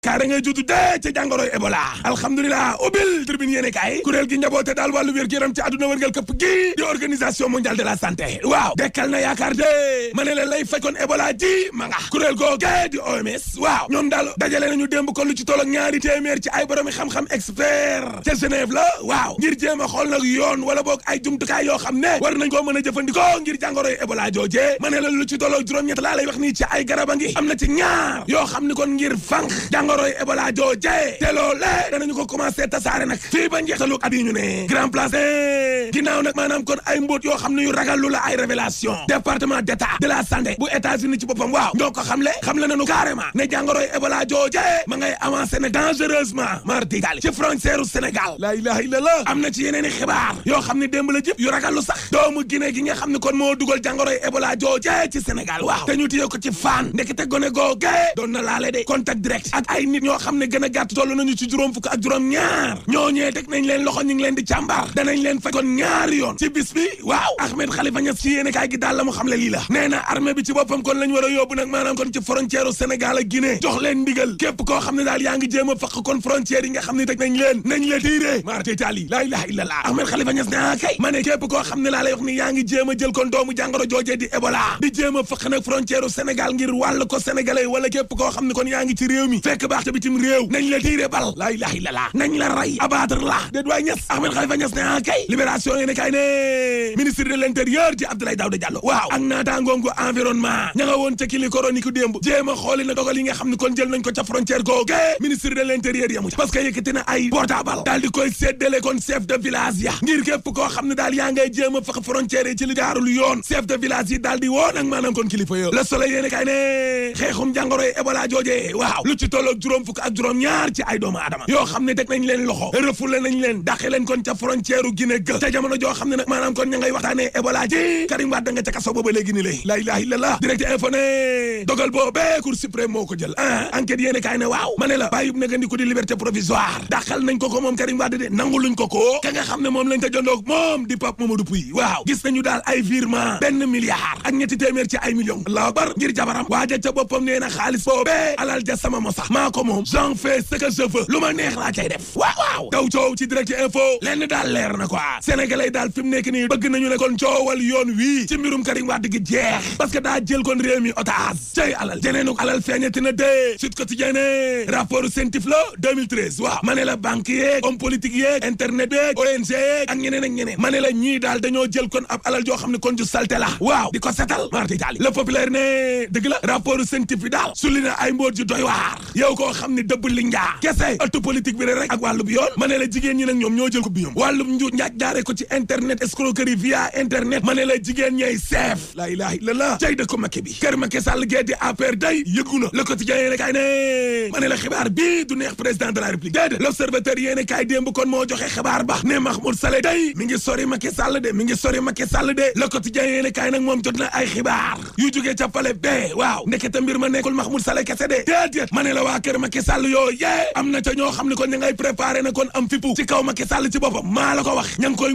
kaa da ngay judd dee ca jàngoroy Ebola alhamdulilah ubbil tribune yéene kaay kuréel gi njaboote daal wàllu wér-gu-yaram ci àdduna wërngal këpp gi di organisation mondiale de la santé waaw dekkal na yaakaar de ma ne la lay fekkoon Ebola ji ma nga kuréel googe di OMS waaw ñoom daal dajale nañu démb kon lu ci toll ak ñaari téeméer ci ay boromi xam-xam expert ca Genève la waaw ngir jéem a xool nag yoon wala boog ay jumtukaay yoo xam ne war nañ koo mën a jëfandikoo ngir jàngoroy Ebola joojee ma ne lu ci toll ak juróom-ñett laa wax nii ci ay garaba ngi am na ci ñaar yoo xam ni kon ngir fànq jàngoroy Ebola jooje te loolee danañu ko commencé tasaare nag fii ba njeextalu at yi ñu ne grand place ginnaaw nag maanaam kon ay mbóot yoo xam ne yu ragal lu la ay révélation département d'état de la santé bu états-unis ci boppam waaw ñoo ko xam le xam le nañu carrément ne jàngoroy Ebola jooje ma ngay avancé ne dangereusement mardi gali ci frontière u Sénégal laa ilaha illallah am na ci yeneen i xibaar yoo xam ne démb la jëp yu ragal lu sax doomu Guinée gi nga xam ne kon moo dugal jàngoroy Ebola jooje ci Sénégal waaw te ñu téye ci fan ndekete gone a gàtt toll nañu fukk ak juróom ñaar ñooñee teg nañ leen loxo ñu di càmbar ñaari yoon ci bis bi waaw Ahmed Khalifa Niass ci yéene kaay gi daal la mu xamle la nee na armée bi boppam kon lañ war a yóbbu nag maanaam kon ci frontière u Sénégal jox leen ndigal képp koo xam ne daal yaa ngi jéem a kon frontière yi a ngir wàll ko sénégalais wala képp koo xam ne kon yaa ngi ci réew fekk baax te bitim réew nañ la tiiree bal laa ilaha nañ la rey abattre la déet waay Niass Ahmed Khalifa Niass ne kay Libération yéen a kaay ne ministre de l'intérieur ci Abdoulaye Daouda Diallo waaw ak naataangoongu environnement ña nga woon ca kili koroni ku démb jéem a xooli na dogal yi nga xam kon jël nañ ko ca frontière googe ministre de l'intérieur ca parce que yëkkati na ay portable daal di koy séddale kon chef de village ya ngir képp koo xam ne daal yaa ngay jéem a fax frontière ci li jaarul yoon chef de village yi daal di woon ak kon kilifa yo Le Soleil yéen a ne xeexum jàngoroy Ebola jooje jamono joo xam ne nag maanaam kon ña ngay waxtaanee Ebola ji Karim Wade da nga ca kaso booba léegi ni lay la ilaha illallah direct info ne dogal boobee Cour suprême moo ko jël ah enquête yéene kaay ne waaw ma ne la bàyyub di liberté provisoire dàqal nañ ko moom Karim Wade de nangu luñ ko xam ne moom lañ ta jondoog moom di Pape Mamadou Pouy waaw gis nañu daal ay virement benn milliard ak ñetti téeméer ci ay millions Allahu akbar ngir jabaram waaja ja sama mosa sénégalais yi daal fi mu nekk bëgg nañu ne kon coowal yoon wii ci mbirum Karim Wade gi jeex parce que daa jël kon réew mi otage alal jeneenu alal feeñati na dee Sud Quotidien rapport scientifique la 2013 waaw ma ne la banque yeeg homme politique yeeg internet yeeg ONG yeeg ak ñeneen ak ñeneen ma ne ñii daal dañoo jël kon ab alal joo xam ne kon ju salte la waaw di ko setal marti taali le populaire ne dëgg la rapport scientifique daal sulli na ay mbóot ko ci internet escroquerie ma ne la jigéen ñay seef laa ilaaha illallaah cay dëkko Macky bi kër la xibaar bii du neex président de la république déedéet moo joxe ba ne Mahmoud Saleh day mi ngi sori Macky Sall de mi ngi sori Macky Sall de moom jot na ay xibaar yu jugee ca bee waaw ndekete mbir ma nekkul Mahmoud Saleh kese de déedéet la waa kër Macky Sall yoo am na ca ñoo xam ne kon ña ngay préparé na kon am fipu ci kaw Macky Sall ci boppam maa la ko wax ña ngi koy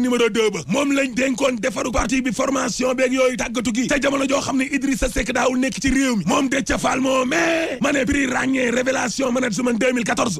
mooy numéro 2 moom lañ dénkoon defaru parti bi formation beeg yooyu tàggatu gi te jamono joo xam ne Idrissa Seck daawul nekk ci réew mi moom Déthié Fall moo mais ma ne prix ràññee révélation management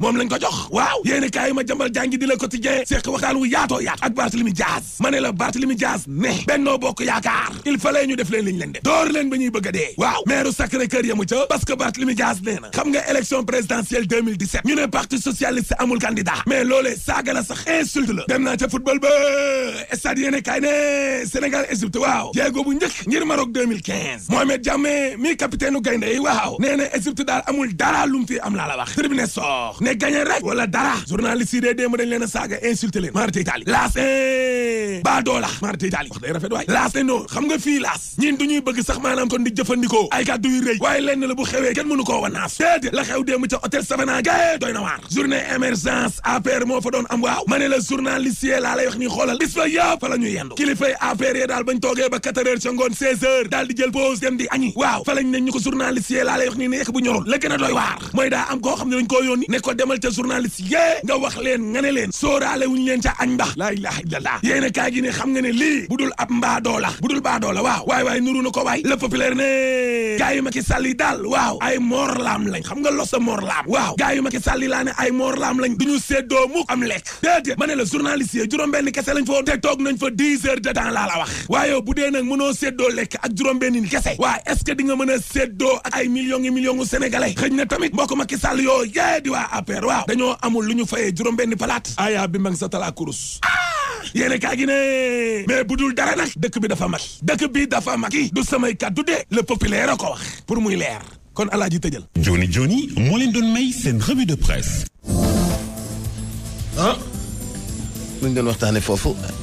moom lañ ko jox waaw yéen i jambal jàngi di la quotidien seq waxtaan wu yaatoo yaat ak Barthélemy Dias ma la Barthélemy Dias ne Benno Bokk Yaakaar il fallait ñu def leen liñ leen def door leen ba ñuy bëgg a waaw maire sacré yamu ca parce que Barthélemy Euh, stade yéene kaay ne Sénégal Égypte waaw jéego bu njëkk ngir Maroc 2015 Mohamed Jammeh mi capitaine u gaynde yi waaw nee na Égypte amul dara lum fi am laa la soox ne gagné rek wala dara journaliste yi dee démb dañ leen a saaga insulté leen marti Italie laas ne baa doola marité itali wax day rafet waay laas ne noonu xam nga fii laas ñin du ñuy bëgg sax maanaam kon di jëfandikoo ay kàddu yu rëy waaye lenn la bu xewee kenn mënu koo wanaas déedéet la xew démb ca hôtel Savana gaye doy na waar journée émergence APR moo fa doon am waaw ma la journaliste yi laa lay wax ni xoolal bis fa yëpp fa la ñuy yendu kilifay APR yi daal bañ toogee ba 4 ca ngoon 16 heures daal di jël pause dem di añi a kaay gi xam nga ne lii bu dul ab mbaadoo la bu dul baadoo la waaw waay waay nuru na ko waay le populaire ne gaa yu Macky Sall yi daal waaw ay moor laam lañ xam nga los a moor laam waaw gaa yu Macky Sall yi laa ne ay moor laam lañ duñu séddoo mukk am lekk déedéet ma ne la journaliste yi juróom-benn kese lañ foo te toog nañ fa dix heures de temps laa la wax waaye bu dee nag mënoo séddoo lekk ak juróom-benn ni kese waa est-ce que di nga mën a séddoo ak ay millions yi millions u sénégalais na tamit mbokk Macky Sall yoo yee di waa APR waaw dañoo amul lu ñu fayee juróom-benn palaat aya bi mbang sa tala kurus yéen a kaa gi ne mais bu dul dara nag dëkk bi dafa mag dëkk bi dafa mag yi du samay kàddu de le populaire a ko wax pour muy leer kon alaaji tëjal joni joni moo leen doon may seen revue de presse ah luñ doon waxtaane foofu